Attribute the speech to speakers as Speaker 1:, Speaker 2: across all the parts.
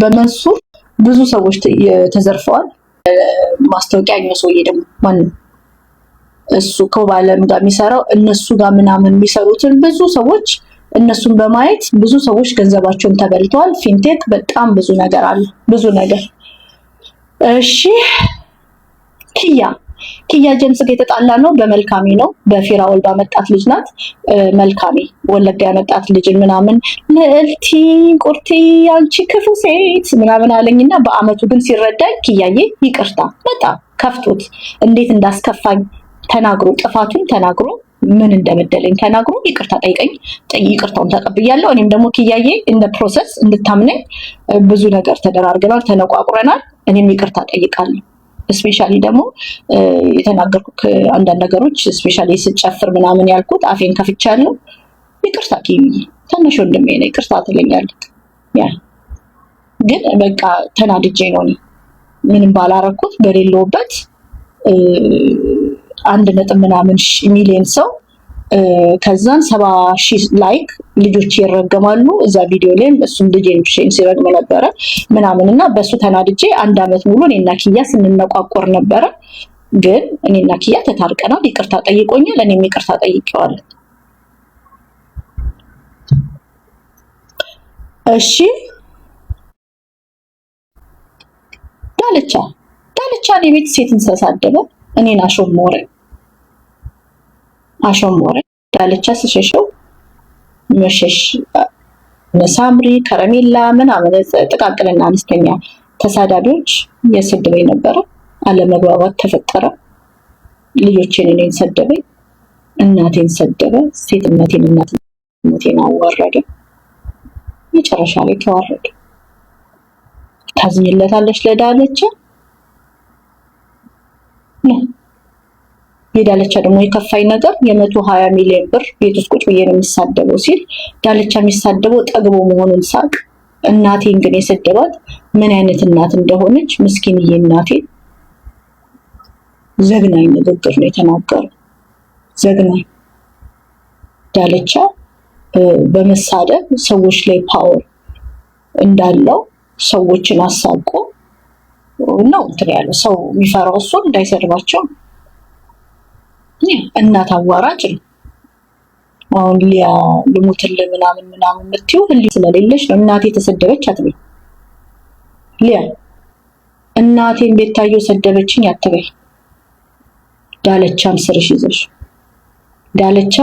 Speaker 1: በመሱ ብዙ ሰዎች ተዘርፈዋል። ማስታወቂያ አግኘ ሰውዬ ደግሞ ማንም እሱ ከውባለም ጋር የሚሰራው እነሱ ጋር ምናምን የሚሰሩትን ብዙ ሰዎች እነሱን በማየት ብዙ ሰዎች ገንዘባቸውን ተበልተዋል። ፊንቴክ በጣም ብዙ ነገር አለ፣ ብዙ ነገር እሺ። ኪያ ኪያ ጀምስ ጋር የተጣላ ነው በመልካሜ ነው። በፊራ ወልዳ መጣት ልጅ ናት መልካሜ ወለጋ ያመጣት ልጅ ምናምን ልዕልቲ ቁርቲ አንቺ ክፉ ሴት ምናምን አለኝና በአመቱ ግን ሲረዳኝ ኪያዬ ይቅርታ በጣም ከፍቶት እንዴት እንዳስከፋኝ ተናግሮ ጥፋቱን ተናግሮ ምን እንደበደለኝ ተናግሮ ይቅርታ ጠይቀኝ፣ ይቅርታውን ተቀብያለሁ። እኔም ደግሞ ኪያዬ እንደ ፕሮሰስ እንድታምነኝ ብዙ ነገር ተደራርገናል፣ ተነቋቁረናል። እኔም ይቅርታ ጠይቃለሁ። ስፔሻሊ ደግሞ የተናገርኩት አንዳንድ ነገሮች ስፔሻሊ ስጨፍር ምናምን ያልኩት አፌን ከፍቻለሁ። ይቅርታ ኪሚዬ፣ ታናሽ ወንድሜ ነው ይቅርታ ትለኛለች። ያ ግን በቃ ተናድጄ ነው እኔ ምንም ባላረኩት በሌለውበት አንድ ነጥብ ምናምን ሚሊዮን ሰው ከዛን ሰባ ሺህ ላይክ ልጆች ይረገማሉ። እዛ ቪዲዮ ላይም እሱም ልጄን ብሼም ሲረግም ነበረ ምናምን እና በእሱ ተናድጄ አንድ አመት ሙሉ እኔና ኪያ ስንነቋቆር ነበረ። ግን እኔና ኪያ ተታርቀናል። ይቅርታ ጠይቆኛል፣ እኔም ይቅርታ ጠይቄዋለሁ። እሺ ዳልቻ ዳልቻ እኔ ቤት ሴትን ተሳደበ እኔን ሞረን አሸሞረ ዳልቻ ስሸሸው መሸሽ ሳምሪ ከረሜላ ምናምን ጥቃቅንና አነስተኛ ተሳዳቢዎች የሰደበኝ ነበረ። አለመግባባት ተፈጠረ። ልጆቼን እኔን ሰደበኝ፣ እናቴን ሰደበ፣ ሴትነቴን እናትነቴን አዋረደ። መጨረሻ ላይ ተዋረደ። ታዝኝለታለች ለዳለቻ የዳለቻ ደግሞ የከፋኝ ነገር የመቶ ሀያ ሚሊዮን ብር ቤት ውስጥ ቁጭ ብዬ ነው የሚሳደበው ሲል ዳለቻ የሚሳደበው ጠግቦ መሆኑን ሳቅ እናቴን ግን የሰደባት ምን አይነት እናት እንደሆነች ምስኪንዬ እናቴን ዘግናኝ ንግግር ነው የተናገሩ። ዘግናኝ ዳለቻ በመሳደብ ሰዎች ላይ ፓወር እንዳለው ሰዎችን አሳቆ ነው እንትን ያለው። ሰው የሚፈራው እሱ እንዳይሰድባቸው እናት አዋራጭ ነው። አሁን ሊያ ልሙትልህ ምናምን ምናምን የምትይው ስለሌለች ነው። እናቴ ተሰደበች አትበይ ሊያ። እናቴን ቤታየው ሰደበችኝ አትበይ። ዳለቻን ስርሽ ይዘሽ ዳለቻ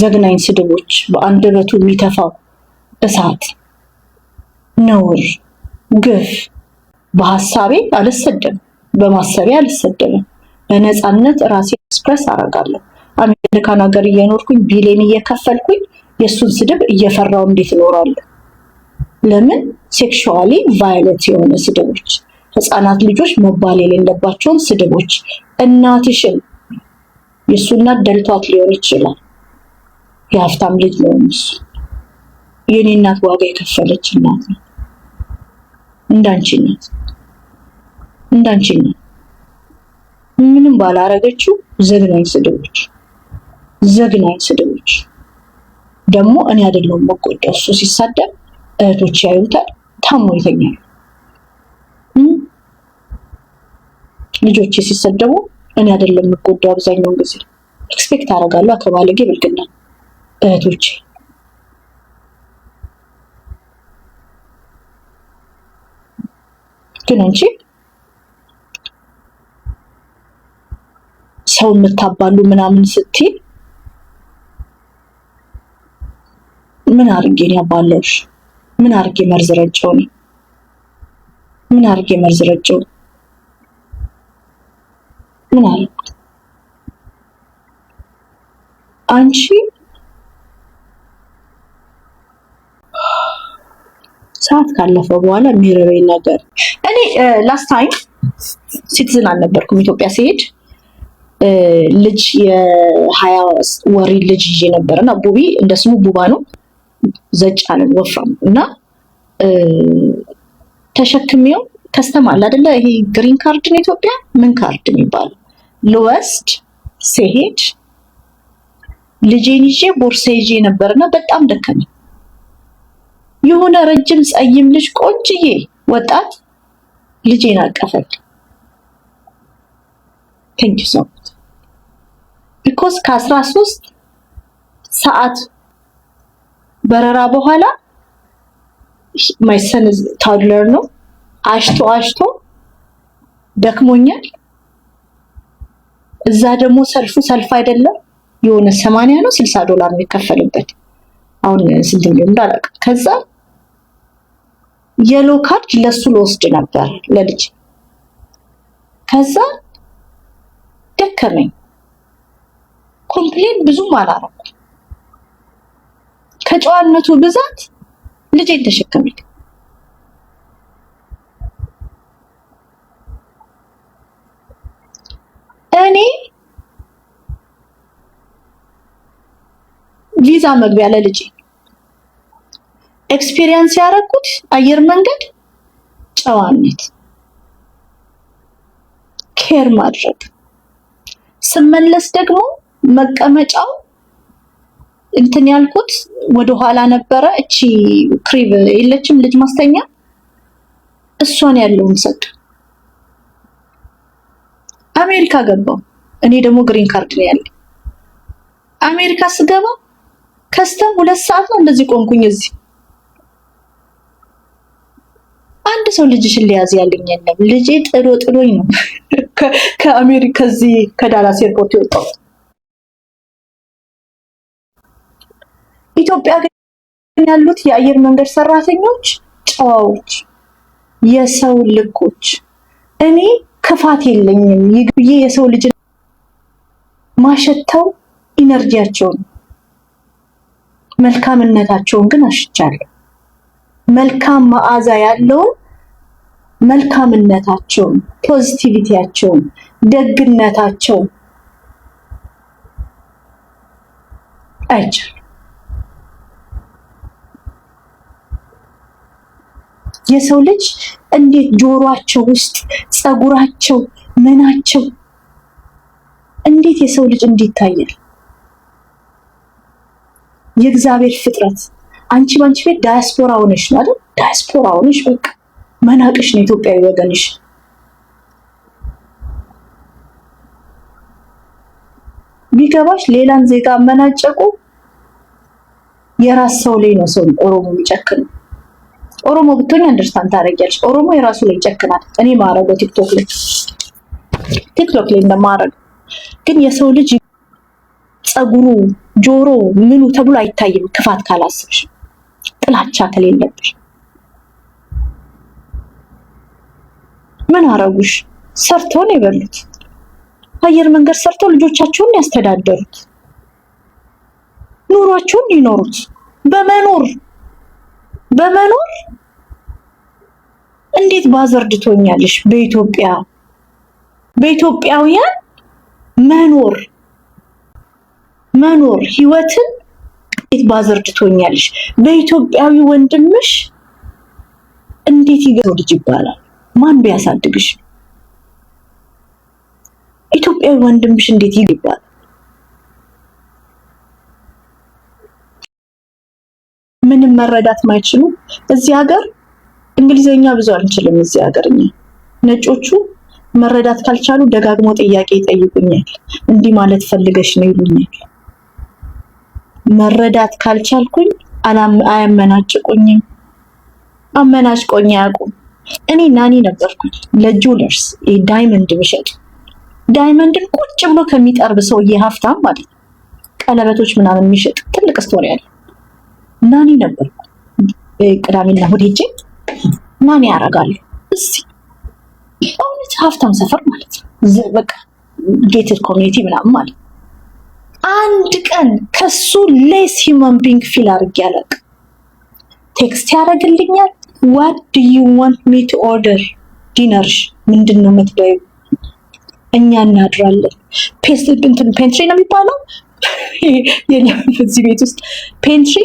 Speaker 1: ዘግናኝ ስድቦች በአንደበቱ የሚተፋው እሳት ነውር፣ ግፍ። በሀሳቤ አልሰደብም፣ በማሰቤ አልሰደብም። በነፃነት ራሴ ኤክስፕረስ አደርጋለሁ። አሜሪካን ሀገር እየኖርኩኝ ቢሌን እየከፈልኩኝ የእሱን ስድብ እየፈራው እንዴት እኖራለሁ? ለምን ሴክሹዋሊ ቫይለንት የሆነ ስድቦች፣ ህፃናት ልጆች መባል የሌለባቸውን ስድቦች፣ እናትሽን የእሱና እናት ደልቷት ሊሆን ይችላል። የሀብታም ልጅ ሊሆን እሱ የኔ እናት ዋጋ የከፈለች እናት ነው። እንዳንቺ ናት፣ እንዳንቺ ናት። ምንም ባላረገችው ዘግናኝ ስድቦች ዘግናኝ ስድቦች ደግሞ እኔ አይደለሁም መቆጫ። እሱ ሲሳደብ እህቶች ያዩታል፣ ታሞ ይተኛል። ልጆቼ ሲሰደቡ እኔ አይደለም መጎዳው አብዛኛውን ጊዜ ኤክስፔክት አደርጋለሁ ከባለጌ ብልግና እህቶች ግን አንቺ ሰው የምታባሉ ምናምን ስትይ ምን አርጌ ነው ያባለሽ? ምን አርጌ መርዝ ረጨው ነው? ምን አርጌ መርዝ ረጨው? ምን አልኩት? አንቺ ሰዓት ካለፈው በኋላ የሚረበኝ ነገር እኔ ላስት ታይም ሲቲዝን አልነበርኩም ኢትዮጵያ ሲሄድ ልጅ የሀያ ወሪ ልጅ ይዤ ነበር እና ቡቢ እንደ ስሙ ቡባ ነው። ዘጭ አለ ወፍራም እና ተሸክሜው ከስተማል አደለ ይሄ ግሪን ካርድ ነው ኢትዮጵያ ምን ካርድ የሚባለው ልወስድ ሴሄድ ልጄን ይዤ ቦርሳ ይዤ ነበርና በጣም ደከመኝ። የሆነ ረጅም ጸይም ልጅ ቆንጅዬ ወጣት ልጄን አቀፈል። ቴንኪ ሶ ማች ቢኮስ ከአስራ ሶስት ሰዓት በረራ በኋላ ማይሰን ታድለር ነው። አሽቶ አሽቶ ደክሞኛል። እዛ ደግሞ ሰልፉ ሰልፍ አይደለም የሆነ ሰማንያ ነው ስልሳ ዶላር የሚከፈልበት አሁን ስንት ሚሊዮን ዳላቅ ከዛ የሎ ካርድ ለሱ ልወስድ ነበር ለልጅ ከዛ ደከመኝ። ኮምፕሌን ብዙም አላረኩም። ከጨዋነቱ ብዛት ልጄን ተሸከመኝ። እኔ ቪዛ መግቢያ ለልጄ ኤክስፒሪየንስ ያደረኩት አየር መንገድ ጨዋነት፣ ኬር ማድረግ ስመለስ ደግሞ መቀመጫው እንትን ያልኩት ወደኋላ ነበረ። እቺ ክሪብ የለችም ልጅ ማስተኛ እሷን ያለውን ሰጡ። አሜሪካ ገባው። እኔ ደግሞ ግሪን ካርድ ነው ያለኝ። አሜሪካ ስገባ ከስተም ሁለት ሰዓት ነው እንደዚህ ቆንኩኝ። እዚህ አንድ ሰው ልጅሽን ሊያዝ ያለኝ የለም። ልጄ ጥሎ ጥሎኝ ነው ከአሜሪካ እዚህ ከዳላስ ኤርፖርት የወጣሁት። ኢትዮጵያ ግን ያሉት የአየር መንገድ ሰራተኞች ጨዋዎች፣ የሰው ልኮች። እኔ ክፋት የለኝም ይግብዬ የሰው ልጅ ማሸተው ኢነርጂያቸውን መልካምነታቸውን ግን አሽቻለሁ። መልካም መዓዛ ያለውን መልካምነታቸውን፣ ፖዚቲቪቲያቸውን፣ ደግነታቸውን አይቻለሁ። የሰው ልጅ እንዴት ጆሯቸው ውስጥ ጸጉራቸው፣ ምናቸው እንዴት የሰው ልጅ እንዲህ ይታያል? የእግዚአብሔር ፍጥረት አንቺ ባንቺ ቤት ዳያስፖራ ሆነሽ ነው አይደል? ዳያስፖራ ሆነሽ በቃ መናቅሽ ነው ኢትዮጵያዊ ወገንሽ። ቢገባሽ ሌላን ዜጋ መናጨቁ የራስ ሰው ላይ ነው ሰው ኦሮሞ የሚጨክነው። ኦሮሞ ብትሆኝ አንደርስታንድ ታደርጊያለሽ። ኦሮሞ የራሱ ላይ ይጨክናል። እኔ ማረገው ቲክቶክ ላይ ቲክቶክ ላይ እንደማረግ ግን የሰው ልጅ ጸጉሩ፣ ጆሮ፣ ምኑ ተብሎ አይታይም። ክፋት ካላስብሽ፣ ጥላቻ ከሌለብሽ ምን አረጉሽ? ሰርተውን የበሉት አየር መንገድ ሰርተው ልጆቻቸውን ያስተዳደሩት ኑሯቸውን ይኖሩት በመኖር በመኖር እንዴት ባዘርድቶኛለሽ። በኢትዮጵያ በኢትዮጵያውያን መኖር መኖር ህይወትን እንዴት ባዘርድቶኛለሽ። በኢትዮጵያዊ ወንድምሽ እንዴት ይገዘው ልጅ ይባላል። ማን ቢያሳድግሽ ኢትዮጵያዊ ወንድምሽ እንዴት ይገ ይባላል። ምንም መረዳት ማይችሉ እዚህ ሀገር እንግሊዘኛ ብዙ አልችልም እዚህ ሀገር እኛ ነጮቹ መረዳት ካልቻሉ ደጋግሞ ጥያቄ ይጠይቁኛል። እንዲህ ማለት ፈልገሽ ነው ይሉኛል። መረዳት ካልቻልኩኝ አያመናጭቁኝም። አመናጭቆኝ አያውቁም። እኔ ናኒ ነበርኩኝ ለጁለርስ ዳይመንድ ብሸጥ ዳይመንድን ቁጭ ብሎ ከሚጠርብ ሰውዬ ሀብታም ማለት ነው። ቀለበቶች ምናምን የሚሸጥ ትልቅ ስቶሪ አለ። ናኒ ነበርኩ ቅዳሜና እሑድ ሄጄ ማን ያደርጋሉ? እስቲ እውነት ሀብታም ሰፈር ማለት ነው በቃ ጌትድ ኮሚኒቲ ምናምን ማለት አንድ ቀን ከሱ ሌስ ሂውማን ቢንግ ፊል አድርጌ ያለቅ ቴክስት ያደርግልኛል። ዋት ዱ ዩ ዋንት ሚ ቱ ኦርደር ዲነርሽ ምንድን ነው እኛ እናድራለን። ፔስት እንትን ፔንትሪ ነው የሚባለው የለም እዚህ ቤት ውስጥ ፔንትሪ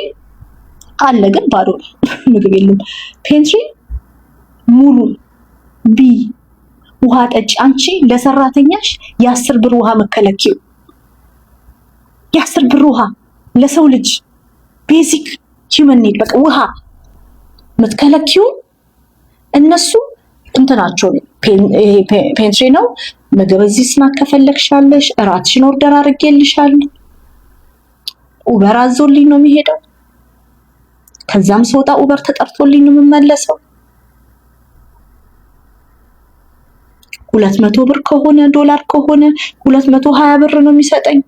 Speaker 1: አለ፣ ግን ባዶ ምግብ የለም ፔንትሪ ሙሉ ቢ ውሃ ጠጭ አንቺ ለሰራተኛሽ የአስር ብር ውሃ መከለኪው የአስር ብር ውሃ ለሰው ልጅ ቤዚክ ሂውመን ኒድ በቃ ውሃ ምትከለኪው እነሱ እንትናቸው ፔንትሪ ነው። ምግብ እዚህ ስናክ ከፈለግሻለሽ እራትሽን ኦርደር አድርጌልሻል። ኡበር አዞልኝ ነው የሚሄደው። ከዛም ሰውጣ ኡበር ተጠርቶልኝ ነው የምመለሰው። ሁለት መቶ ብር ከሆነ ዶላር ከሆነ ሁለት መቶ ሀያ ብር ነው የሚሰጠኝ።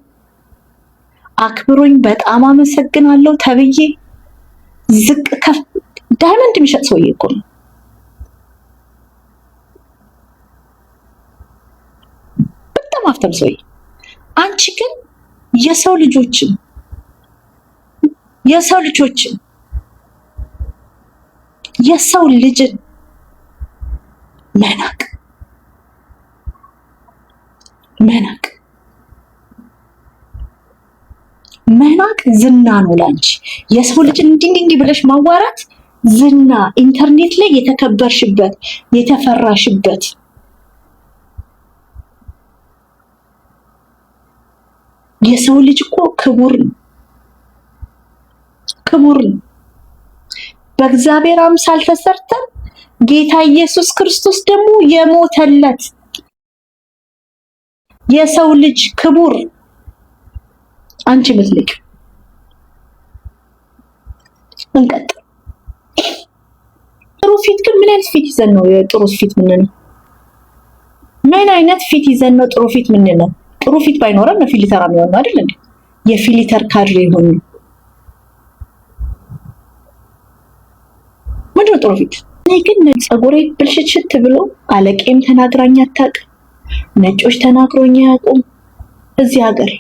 Speaker 1: አክብሮኝ በጣም አመሰግናለሁ ተብዬ ዝቅ ከፍ ዳይመንድ የሚሸጥ ሰውዬ እኮ ነው። በጣም ሀብታም ሰውዬ። አንቺ ግን የሰው ልጆችን የሰው ልጆችን የሰው ልጅን መናቅ መናቅ መናቅ ዝና ነው ላንቺ። የሰው ልጅ እንዲህ ብለሽ ማዋራት ዝና፣ ኢንተርኔት ላይ የተከበርሽበት የተፈራሽበት። የሰው ልጅ እኮ ክቡር ነው፣ ክቡር ነው። በእግዚአብሔር አምሳል ተሰርተን ጌታ ኢየሱስ ክርስቶስ ደግሞ የሞተለት የሰው ልጅ ክቡር አንቺ ምትልክ እንቀጥ ጥሩ ፊት ግን ምን አይነት ፊት ይዘን ነው የጥሩ ፊት ነው? ምን አይነት ፊት ይዘን ነው ጥሩ ፊት ነው? ጥሩ ፊት ባይኖረን ነው ፊሊተር የሚሆነው አይደል እንዴ? የፊሊተር ካድሬ የሆኑ ነው ጥሩ ፊት? እኔ ግን ፀጉሬ ብልሽትሽት ብሎ አለቄም ተናግራኝ አታውቅም። ነጮች ተናግሮኝ አያውቁም። እዚህ ሀገር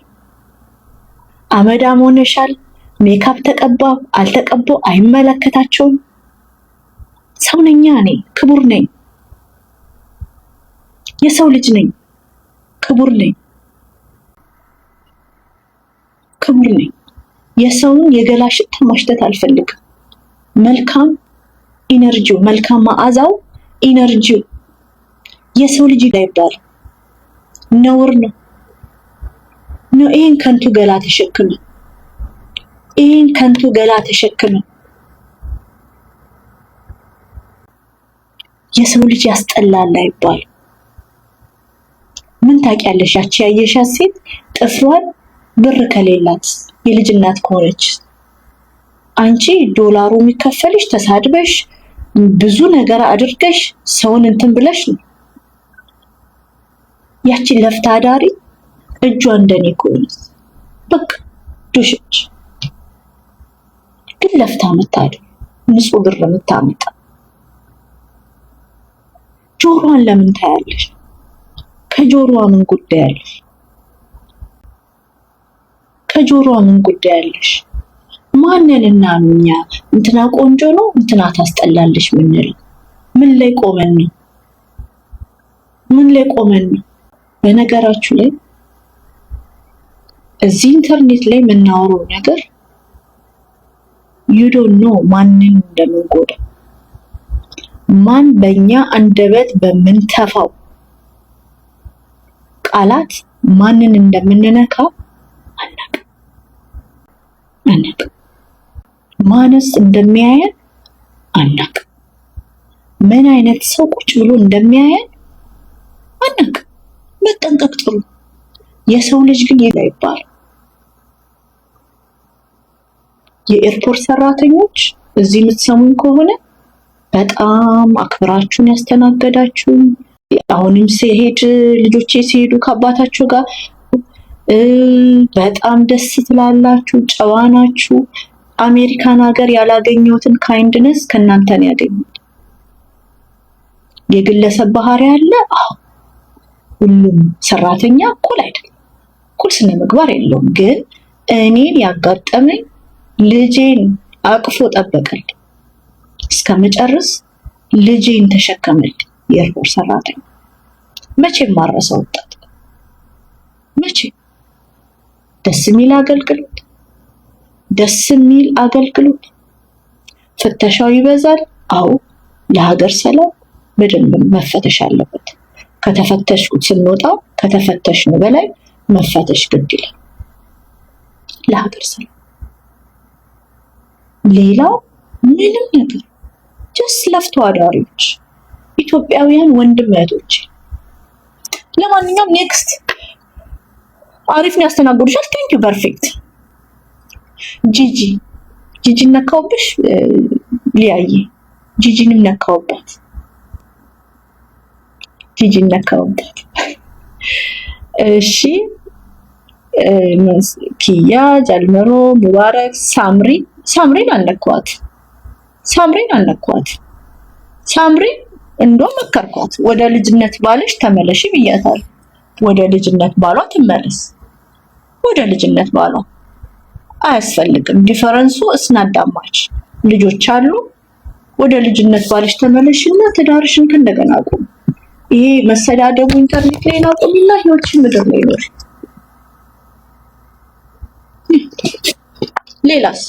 Speaker 1: አመዳም ሆነሻል፣ ሜካፕ ተቀባ አልተቀቦ አይመለከታቸውም። ሰው ነኛ እኔ ክቡር ነኝ፣ የሰው ልጅ ነኝ፣ ክቡር ነኝ፣ ክቡር ነኝ። የሰውን የገላ ሽታ ማሽተት አልፈልግም። መልካም ኢነርጂው መልካም መዓዛው ኢነርጂው የሰው ልጅ ይባላል። ነውር ነው። ይህን ከንቱ ገላ ተሸክመ ይህን ከንቱ ገላ ተሸክመ የሰው ልጅ ያስጠላል አይባል። ምን ታውቂያለሽ? ያቺ ያየሻት ሴት ጥፍሯን ብር ከሌላት የልጅ እናት ከሆነች አንቺ ዶላሩ የሚከፈልሽ ተሳድበሽ ብዙ ነገር አድርገሽ ሰውን እንትን ብለሽ ነው። ያችን ለፍታ ዳሪ እጇ እንደኔ ከሆነስ በቃ ዱሽች ግን ለፍታ መታደ ንጹህ ብር የምታመጣ ጆሮዋን ለምን ታያለሽ? ከጆሮዋ ምን ጉዳይ አለሽ? ከጆሮዋ ምን ጉዳይ አለሽ? ማንንና እኛ እንትና ቆንጆ ነው እንትና ታስጠላለሽ ምንል ምን ላይ ቆመን ነው? ምን ላይ ቆመን ነው? በነገራችሁ ላይ እዚህ ኢንተርኔት ላይ የምናወረው ነገር ዩ ኖ ማንን እንደምንጎዳ ማን በእኛ አንደበት በምንተፋው ቃላት ማንን እንደምንነካ አናውቅም አናውቅም። ማንስ እንደሚያየን አናውቅም። ምን አይነት ሰው ቁጭ ብሎ እንደሚያየን አናውቅም። መጠንቀቅ ጥሩ። የሰው ልጅ ግን ይላ ይባል። የኤርፖርት ሰራተኞች እዚህ የምትሰሙኝ ከሆነ በጣም አክብራችሁን ያስተናገዳችሁ። አሁንም ሲሄድ ልጆቼ ሲሄዱ ከአባታችሁ ጋር በጣም ደስ ትላላችሁ፣ ጨዋ ናችሁ። አሜሪካን ሀገር ያላገኘሁትን ካይንድነስ ከእናንተ ነው ያገኘሁት። የግለሰብ ባህሪ አለ። አዎ ሁሉም ሰራተኛ እኩል አይደለም፣ እኩል ስነ ምግባር የለውም። ግን እኔን ያጋጠመኝ ልጄን አቅፎ ጠበቀል እስከመጨረስ ልጄን ተሸከመል የርቦር ሰራተኛ መቼም ማረሰው ወጣት መቼ ደስ የሚል አገልግሎት ደስ የሚል አገልግሎት። ፍተሻው ይበዛል። አዎ ለሀገር ሰላም በደንብ መፈተሽ አለበት። ከተፈተሽ ስንወጣ ነው በላይ መፈተሽ ግድ ይላል ለሀገር ሰላም። ሌላ ምንም ነገር ጀስ ለፍቶ አዳሪዎች ኢትዮጵያውያን ወንድም እህቶች፣ ለማንኛውም ኔክስት አሪፍ ነው ያስተናግዱሻል። ቴንኪ ፐርፌክት ጂጂ ጂጂ ነካውብሽ ሊያየ ጂጂንም ነካውባት። ጂጂ እናካውምታት። እሺ ኪያ፣ ጃልመሮ፣ ሙባረክ፣ ሳምሪን ሳምሪን አልነኳት። ሳምሪን አልነኳት። ሳምሪን እንደውም መከርኳት። ወደ ልጅነት ባልሽ ተመለሽ ብያታል። ወደ ልጅነት ባሏ ትመለስ። ወደ ልጅነት ባሏ አያስፈልግም። ዲፈረንሱ እስናዳማች ልጆች አሉ። ወደ ልጅነት ባልሽ ተመለሽና ትዳርሽን ከእንደገና አቁም። ይሄ መሰዳደቡ ኢንተርኔት ላይ ናቆሚና ህይወትሽን ምድር ነው ይኖር። ሌላስ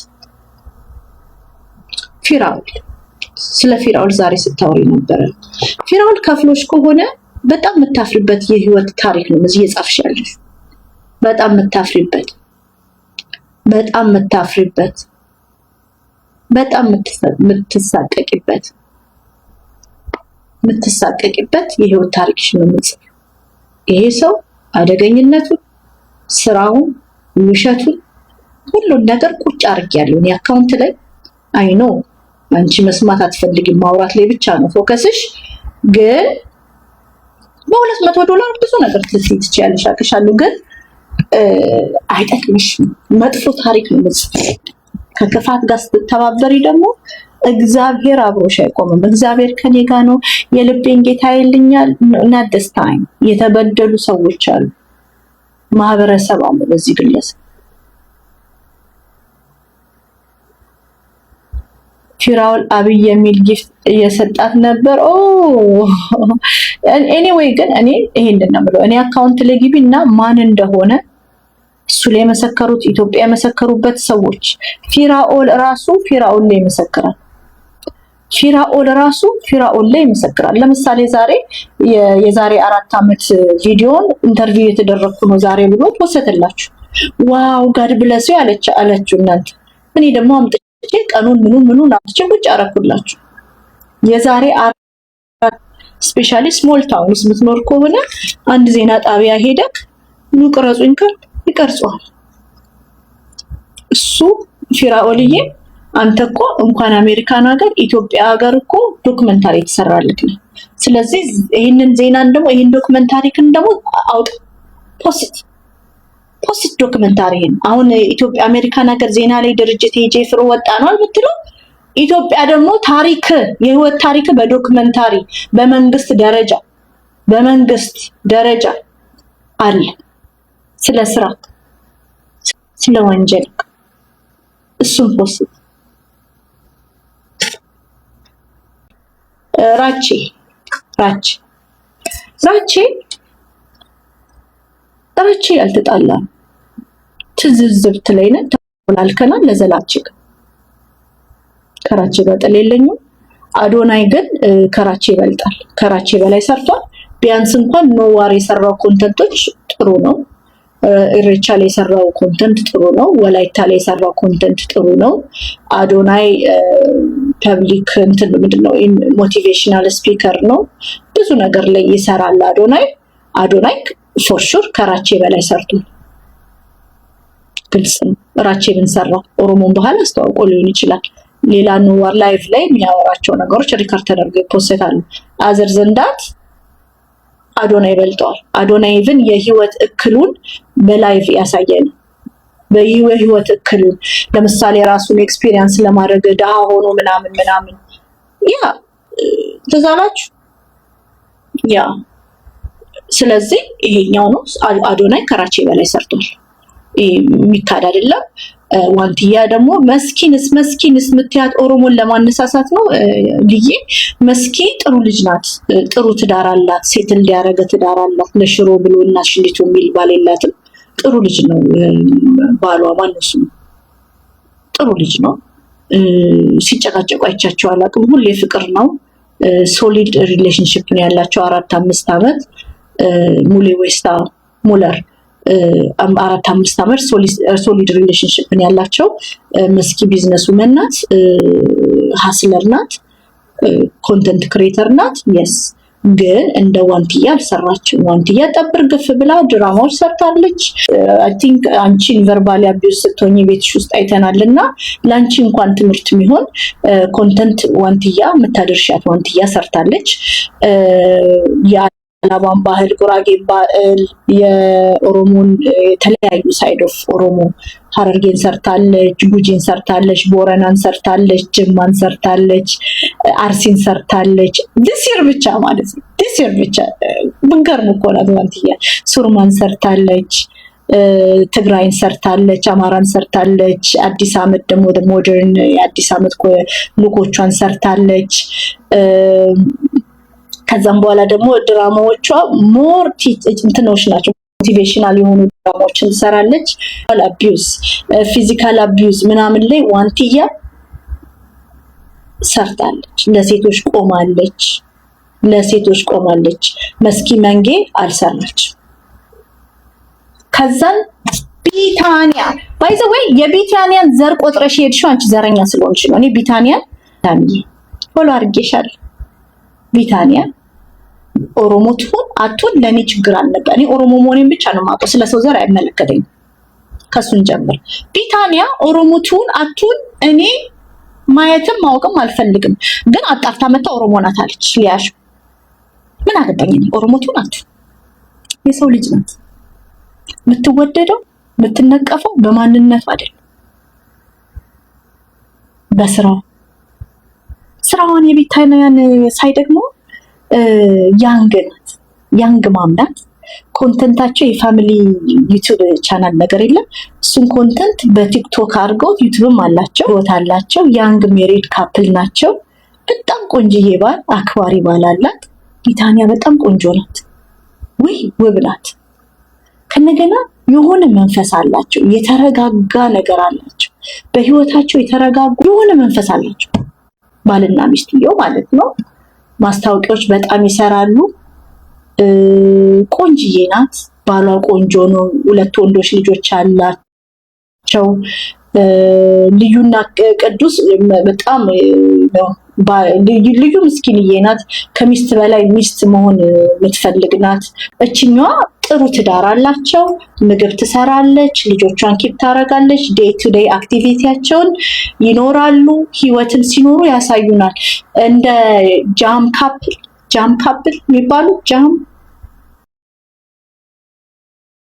Speaker 1: ፊራውል፣ ስለ ፊራውል ዛሬ ስታወሪ ነበረ። ፊራውል ከፍሎች ከሆነ በጣም የምታፍሪበት የህይወት ታሪክ ነው እዚህ የጻፍሽ ያለሽ። በጣም የምታፍሪበት በጣም የምታፍሪበት በጣም የምትሳቀቂበት የምትሳቀቂበት የህይወት ታሪክሽን ነው የምጽፍ። ይሄ ሰው አደገኝነቱን፣ ስራውን፣ ውሸቱን ሁሉን ነገር ቁጭ አርግ ያለውን አካውንት ላይ አይኖ አንቺ መስማት አትፈልጊም። ማውራት ላይ ብቻ ነው ፎከስሽ። ግን በሁለት መቶ ዶላር ብዙ ነገር ትልት ትችያለሽ። አቅሻለሁ፣ ግን አይጠቅምሽም። መጥፎ ታሪክ ነው ምጽፍ። ከክፋት ጋር ስትተባበሪ ደግሞ እግዚአብሔር አብሮሽ አይቆምም። እግዚአብሔር ከኔ ጋር ነው። የልቤን ጌታ ይልኛል። ናደስታይም የተበደሉ ሰዎች አሉ። ማህበረሰብ አለ በዚህ ግለሰብ ፊራውል አብይ የሚል ጊፍት እየሰጣት ነበር። ኦ ኤኒዌይ ግን እኔ ይሄ ነው እኔ አካውንት ላይ እና ማን እንደሆነ እሱ ላይ የመሰከሩት ኢትዮጵያ የመሰከሩበት ሰዎች ፊራኦል ራሱ ፊራኦል ላይ ይመሰክራል። ፊራኦል ራሱ ፊራኦል ላይ ይመሰክራል። ለምሳሌ ዛሬ የዛሬ አራት ዓመት ቪዲዮን ኢንተርቪው የተደረግኩ ነው ዛሬ ብሎ ወሰደላችሁ። ዋው ጋድ ብለሰው ያለች አለችው። እናንተ እኔ ደግሞ አምጥቼ ቀኑን ምኑ ምኑ አምጥቼ ቁጭ አረኩላችሁ። የዛሬ አራት ስፔሻሊ ስሞል ታውን ውስጥ የምትኖር ከሆነ አንድ ዜና ጣቢያ ሄደክ ኑ ቅረጹኝ ካል ይቀርጸዋል። እሱ ፊራኦልዬ አንተ እኮ እንኳን አሜሪካን ሀገር ኢትዮጵያ ሀገር እኮ ዶክመንታሪ የተሰራልክ ነው። ስለዚህ ይህንን ዜናን ደግሞ ይህን ዶክመንታሪክን ደግሞ አውጥ ፖስት ፖስት ዶክመንታሪህን አሁን ኢትዮጵያ አሜሪካን ሀገር ዜና ላይ ድርጅት ሄጄ ፍሮ ወጣ ነው አልምትለው ኢትዮጵያ ደግሞ ታሪክ የህይወት ታሪክ በዶክመንታሪ በመንግስት ደረጃ በመንግስት ደረጃ አለ። ስለ ስራ፣ ስለ ወንጀል እሱም ፖስት ራቼ ራቼ ራቼ ራቼ ያልተጣላን ትዝዝብት ላይ ነን ተላልከናል ለዘላች ከራቼ ጋር ጥል የለኝም። አዶናይ ግን ከራቼ ይበልጣል። ከራቼ በላይ ሰርቷል። ቢያንስ እንኳን ኖዋር የሰራው ኮንተንቶች ጥሩ ነው። ኢሬቻ ላይ የሰራው ኮንተንት ጥሩ ነው። ወላይታ ላይ የሰራው ኮንተንት ጥሩ ነው። አዶናይ ፐብሊክ እንትን ምንድን ነው ሞቲቬሽናል ስፒከር ነው። ብዙ ነገር ላይ ይሰራል አዶናይ። አዶናይ ፎር ሹር ከራቼ በላይ ሰርቷል። ግልጽ ነው። ራቼ ብንሰራ ኦሮሞን ባህል አስተዋውቆ ሊሆን ይችላል። ሌላ ኑዋር ላይቭ ላይ የሚያወራቸው ነገሮች ሪከርድ ተደርገው ፖስት አዘር ዘንዳት አዶናይ ይበልጠዋል። አዶናይ ኢቭን የህይወት እክሉን በላይቭ ያሳያል። የህይወት እክል ለምሳሌ ራሱን ኤክስፔሪንስ ለማድረግ ድሃ ሆኖ ምናምን ምናምን ያ ትዛላችሁ ያ ስለዚህ ይሄኛው ነው። አዶናይ ከራቼ በላይ ሰርቷል። የሚካድ አይደለም። ዋንትያ ደግሞ መስኪንስ መስኪንስ ምትያት ኦሮሞን ለማነሳሳት ነው ልዬ መስኪ ጥሩ ልጅ ናት። ጥሩ ትዳር አላት። ሴት እንዲያረገ ትዳር አላት። ለሽሮ ብሎ እና ሽሊቱ የሚል ባል የላትም። ጥሩ ልጅ ነው ባሏ። ማነሱ ጥሩ ልጅ ነው። ሲጨቃጨቁ አይቻቸው አላውቅም። ሁሌ ፍቅር ነው። ሶሊድ ሪሌሽንሽፕ ነው ያላቸው። አራት አምስት ዓመት ሙሌ ዌስታ ሙለር አራት አምስት ዓመት ሶሊድ ሪሌሽንሽፕ ነው ያላቸው። መስኪ ቢዝነሱ መናት ሀስለር ናት። ኮንተንት ክሬተር ናት። የስ ግን እንደ ዋንትያ አልሰራችም። ዋንትያ ጠብር ግፍ ብላ ድራማዎች ሰርታለች። አይ uh, ቲንክ አንቺን ቨርባሊ አቢውስ ስትሆኝ ቤትሽ ውስጥ አይተናል እና ለአንቺ እንኳን ትምህርት የሚሆን ኮንተንት uh, ዋንትያ የምታደርሻት ዋንትያ ሰርታለች። uh, የአላባን ባህል፣ ጉራጌ ባህል፣ የኦሮሞን የተለያዩ ሳይድ ኦፍ ኦሮሞ ሀረርጌን ሰርታለች፣ ጉጂን ሰርታለች፣ ቦረናን ሰርታለች፣ ጅማን ሰርታለች፣ አርሲን ሰርታለች። ድስር ብቻ ማለት ነው። ድስር ብቻ ብንገርም እኮ ናትናንትያ ሱርማን ሰርታለች፣ ትግራይን ሰርታለች፣ አማራን ሰርታለች። አዲስ አመት ደግሞ ሞደርን የአዲስ አመት ልኮቿን ሰርታለች። ከዛም በኋላ ደግሞ ድራማዎቿ ሞር እንትኖች ናቸው። ሞቲቬሽናል የሆኑ ድራማዎችን ትሰራለች። አቢዩዝ ፊዚካል አቢዩዝ ምናምን ላይ ዋንትያ ሰርታለች። ለሴቶች ቆማለች። ለሴቶች ቆማለች። መስኪ መንጌ አልሰራች። ከዛን ቢታኒያ ባይዘ ወይ የቢታኒያን ዘር ቆጥረሽ ሄድሽው አንቺ ዘረኛ ስለሆንሽ ነው። እኔ ቢታኒያን ታምዬ ፎሎ አድርጌሻለሁ ቢታኒያን ኦሮሞ ትሁን አትሁን ለእኔ ችግር አልነበረ። እኔ ኦሮሞ መሆኔን ብቻ ነው የማውቀው። ስለ ሰው ዘር አይመለከተኝም። ከሱን ጀምር ቢታንያ ኦሮሞ ትሁን አትሁን እኔ ማየትም ማወቅም አልፈልግም። ግን አጣፍታ መታ ኦሮሞ ናት አለች ሊያሽ ምን አገባኝ እኔ ኦሮሞ ትሁን አትሁን የሰው ልጅ ናት የምትወደደው የምትነቀፈው በማንነቱ አይደለም በስራው ስራዋን የቢታንያን ሳይ ደግሞ ያንግ ያንግ ማምናት ኮንተንታቸው የፋሚሊ ዩቱብ ቻናል ነገር የለም። እሱን ኮንተንት በቲክቶክ አድርገው ዩቱብም አላቸው፣ ህይወት አላቸው። ያንግ ሜሪድ ካፕል ናቸው። በጣም ቆንጅዬ ባል፣ አክባሪ ባል አላት። ቢታንያ በጣም ቆንጆ ናት፣ ውይ ውብ ናት። ከነገና የሆነ መንፈስ አላቸው፣ የተረጋጋ ነገር አላቸው። በህይወታቸው የተረጋጉ የሆነ መንፈስ አላቸው፣ ባልና ሚስትየው ማለት ነው። ማስታወቂያዎች በጣም ይሰራሉ። ቆንጅዬ ናት፣ ባሏ ቆንጆ ነው። ሁለት ወንዶች ልጆች አላቸው። ልዩና ቅዱስ በጣም ልዩ ምስኪንዬ ናት። ከሚስት በላይ ሚስት መሆን የምትፈልግ ናት። እችኛዋ ጥሩ ትዳር አላቸው። ምግብ ትሰራለች፣ ልጆቿን ኪፕ ታረጋለች። ዴይ ቱ ዴይ አክቲቪቲያቸውን ይኖራሉ። ህይወትን ሲኖሩ ያሳዩናል። እንደ ጃም ካፕል ጃም ካፕል የሚባሉ ጃም